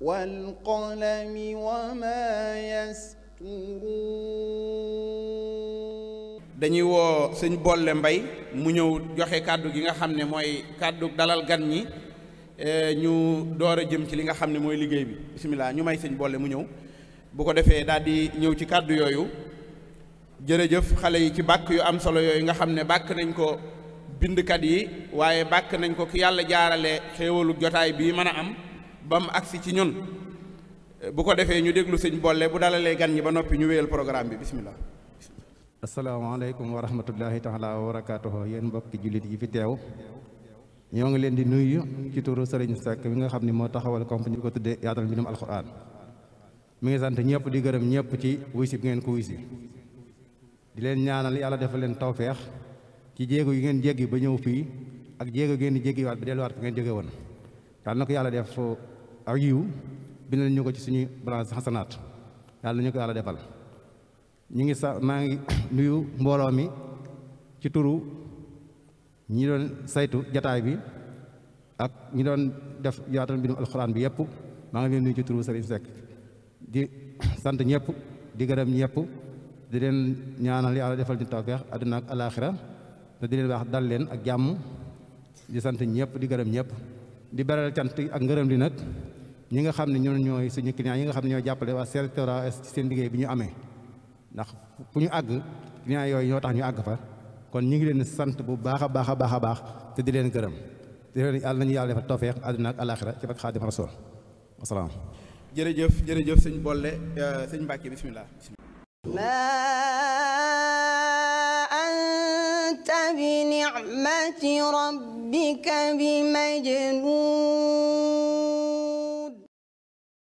والقلم وما يسطرون dañuy woo sëñ boole Mbay mu ñëw joxe kàddu gi nga xam ne mooy kàddu dalal gan ñi eh, ñu door a jëm ci li nga xam ne mooy liggéey bi bisimilah ñu may sëñ Bolle mu ñëw bu ko defee daal di ñëw ci kàddu yooyu jërëjëf xale yi ci bàkk yu am solo yooyu nga xam ne bàkk nañ ko bindkat yi waaye bàkk nañ ko ki yàlla jaarale xéewalu jotaay bii mën a am ba mu agsi ci ñun bu ko defee ñu déglu sëñ boole bu dalalee gan ñi ba noppi ñu wéyal programme bi bisimilah. asalaamaaleykum wa rahmatullahi taala wa barakaatuhu yéen mbokki jullit yi fi teew ñoo ngi leen di nuyu ci turu Serigne Seck mi nga xam ne moo taxawal compagnie bi ko tuddee yaatal mbindum alxuraan mi ngi sant ñëpp di gërëm ñëpp ci wuy bi ngeen ko wuy di leen ñaanal yàlla def leen tawfeex ci jéego yi ngeen jéggi ba ñëw fii ak jéego ngeen di jéggiwaat delluwaat ngeen jóge woon aw yiw bind nañ ñu ko ci suñu balance xasanaat yàlla ñu ko yàlla defal ñu ngi sa maa ngi nuyu mbooloo mi ci turu ñi doon saytu jataay bi ak ñi doon def yaatal mbindum alxuraan bi yëpp maa ngi leen nuyu ci turu Serigne Seck di sant ñëpp di gërëm ñëpp di leen ñaanal yàlla defal ñu tawfeex àdduna ak alaaxira te dal leen ak jàmm di sant ñëpp di gërëm ñëpp di beral cant ak ngërëm li nag ñi nga xam ne ñoom ñooy suñu client yi nga xam ne ñoo jàppale waa Sectorial ci seen liggéey bi ñu amee ndax fu ñu àgg client yooyu ñoo tax ñu àgg fa kon ñu ngi leen sant bu baax a baax a baax a baax te di leen gërëm di leen yàlla nañu yàlla defal tawfeex àdduna ak alaxira ci bak xaadim rasul wasalaam jërëjëf jërëjëf sëñ Bolle euh, sëñ Mbàkke bismillah anta bi ni'mati rabbika bi majnun